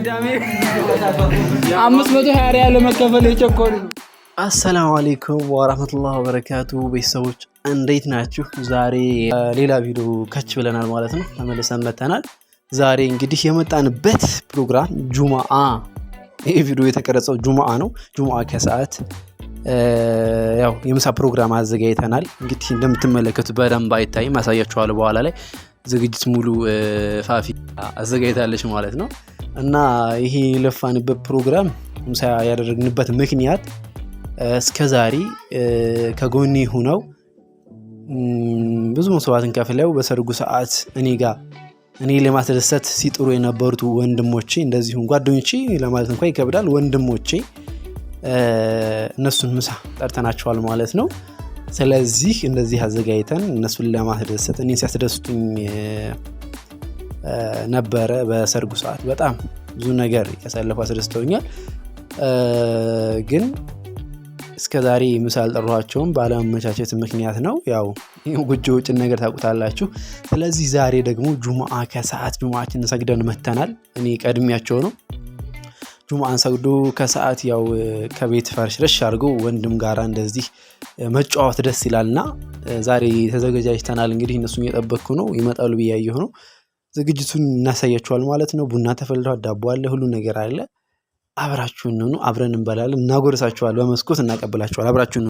ቅዳሜ አምስት መቶ ሀያ ሪያል ለመከፈል የቸኮሉ አሰላሙ አሌይኩም ወራህመቱላህ ወበረካቱ ቤተሰቦች እንዴት ናችሁ? ዛሬ ሌላ ቪዲዮ ከች ብለናል ማለት ነው። ተመልሰን መተናል። ዛሬ እንግዲህ የመጣንበት ፕሮግራም ጁማአ፣ ይህ ቪዲዮ የተቀረጸው ጁማአ ነው። ጁማአ ከሰዓት ያው የምሳ ፕሮግራም አዘጋጅተናል። እንግዲህ እንደምትመለከቱት በደንብ አይታይም፣ አሳያችኋለሁ በኋላ ላይ። ዝግጅት ሙሉ ፋፊ አዘጋጅታለች ማለት ነው። እና ይሄ የለፋንበት ፕሮግራም ምሳ ያደረግንበት ምክንያት እስከ ዛሬ ከጎኔ ሆነው ብዙ መስዋዕትን ከፍለው በሰርጉ ሰዓት እኔ ጋ እኔ ለማስደሰት ሲጥሩ የነበሩት ወንድሞቼ እንደዚሁም ጓደኞቼ ለማለት እንኳ ይከብዳል። ወንድሞቼ እነሱን ምሳ ጠርተናቸዋል ማለት ነው። ስለዚህ እንደዚህ አዘጋጅተን እነሱን ለማስደሰት እኔ ሲያስደስቱኝ ነበረ። በሰርጉ ሰዓት በጣም ብዙ ነገር ያሳለፉ አስደስተውኛል። ግን እስከ ዛሬ ምሳ አልጠሯቸውም ባለመመቻቸት ምክንያት ነው። ያው ጉጆ ውጭን ነገር ታውቁታላችሁ። ስለዚህ ዛሬ ደግሞ ጁምአ ከሰዓት ጁማችን ሰግደን መተናል። እኔ ቀድሚያቸው ነው ጁምአን ሰግዶ ከሰዓት ያው ከቤት ፈርሽረሽ አድርጎ ወንድም ጋራ እንደዚህ መጫወት ደስ ይላልና ዛሬ ተዘገጃጅተናል። እንግዲህ እነሱን እየጠበቅኩ ነው፣ ይመጣሉ ብዬ ነው። ዝግጅቱን እናሳያችኋል ማለት ነው። ቡና ተፈልቷል፣ ዳቦ አለ፣ ሁሉ ነገር አለ። አብራችሁን ኑ፣ አብረን እንበላለን፣ እናጎርሳችኋል፣ በመስኮት እናቀብላችኋል። አብራችሁን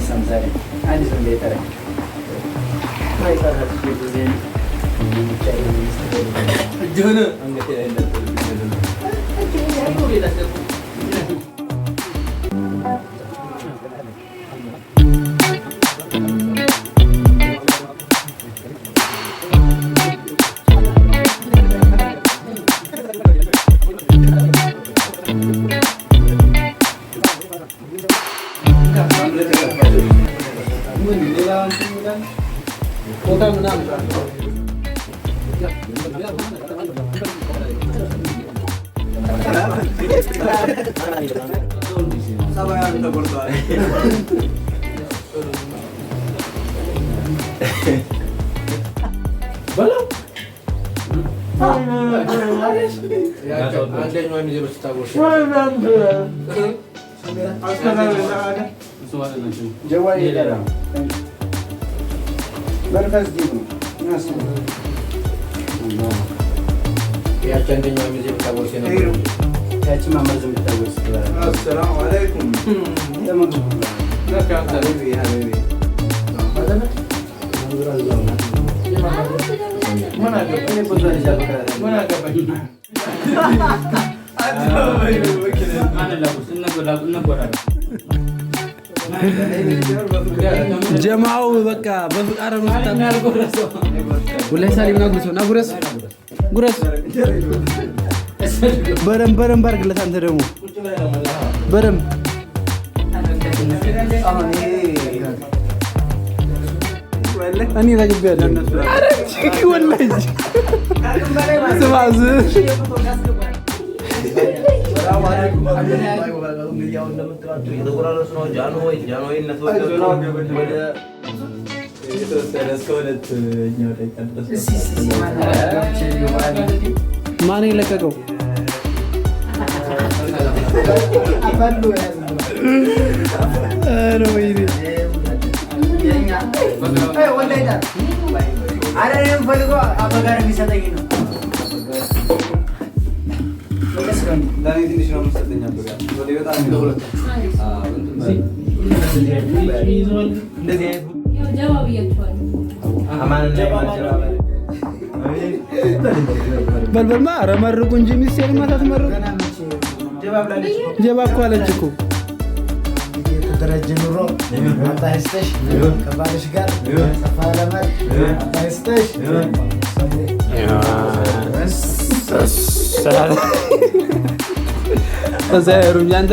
Jono, anggap aja yang datang. Jono, aku udah datang. አንደኛ ጀዋይ መንፈስ ዲብ ነው። ምን ጀማው በቃ በፍቃረ ጉረስ ጉረስ በደንብ በደንብ አድርግለት። አንተ ደግሞ በደንብ እኔ ዘግቤያለሁ። ማን የለቀቀው? ፈልጎ አበጋር የሚሰጠኝ ነው። በልበልማ ኧረ መርቁ እንጂ ሚስቴን ማታት መርቁ ጀባ እኮ አለች እኮ ደረጀ ኑሮ አባይስተሽ ከባልሽ ጋር ሰፋ ለመር አባይስተሽ አንተ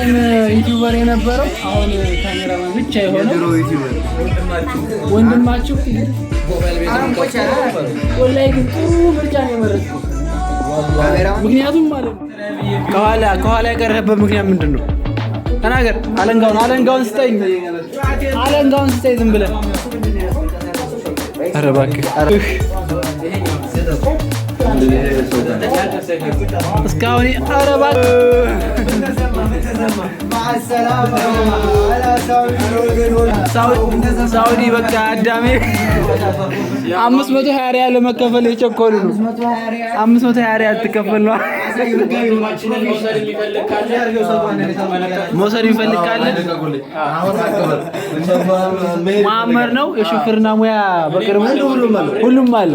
ታይም ዩቲዩበር የነበረው አሁን ካሜራማን ብቻ የሆነ ወንድማችሁ ወላሂ ግን ጥሩ ምርጫ ነው የመረጥኩት። ምክንያቱም ማለት ነው ከኋላ ከኋላ ምክንያት ምንድን ነው? ተናገር። አለንጋውን አለንጋውን ስጠኝ፣ አለንጋውን ስጠኝ ዝም ኧረ እባክህ እስካሁን አረባት ሳውዲ በቃ አዳሜ አምስት መቶ ሀያ ሪያል ለመከፈል የቸኮሉ ነው። አምስት መቶ ሀያ ሪያል ትከፈል ነው። መውሰድ የሚፈልግ ካለ ማመር ነው። የሹፍርና ሙያ በቅርቡ ሁሉም አለ።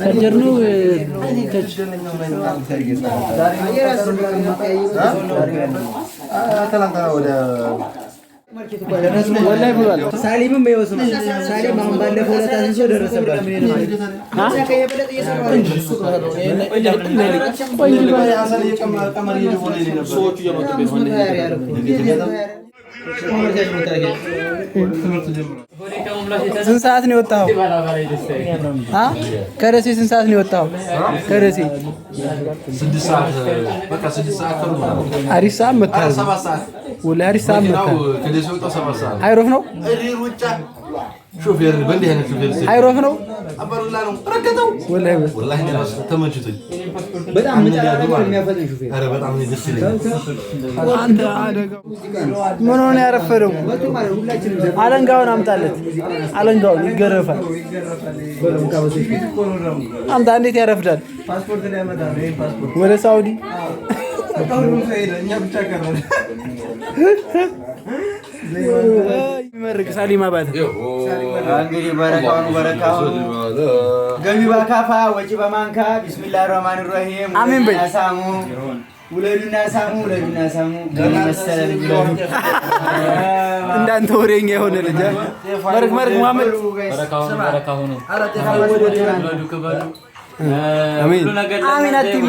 ከጀርኑ ትላንትና ወደ ወላሂ ብሏል። ሳሊምም ይወስ ነው። ሳሊም አሁን ባለፈው ዕለት አስይዞ ደረሰበት። ቆንጆ ስንት ሰዓት ነው የወጣኸው? ከደሴ ስንት ሰዓት ነው የወጣኸው? ከደሴ አሪፍ ሰዓት መታኸው። አሪፍ ሰዓት መታኸው። አይሮፍ ነው ሾፌር በእንዲህ አይነት ሾፌር አይሮፍ ነው አባዱላ ነው ረገጠው። ወላሂ ወላሂ ተመችቶኝ በጣም ምን የሚያፈጥን ሾፌር። ደስ ይለኛል። ምን ሆነ ያረፈደው? አለንጋውን አምጣለት። አለንጋውን ይገረፋል። አምጣ። እንዴት ያረፍዳል? ወደ ሳውዲ ይመርቅ ሳሊማ ባት እንግዲህ በረካውን በረካውን ገቢ በአካፋ ወጪ በማንካ ቢስሚላህ ራህማን ራሂም አሜን በይ ሳሙ ውለዱና ሳሙ ውለዱና ሳሙ መሰለ እንዳንተ ወሬኛ የሆነ ልጅ መርቅ መርቅ መሐመድ በረካውን በረካውን አሜን አትይም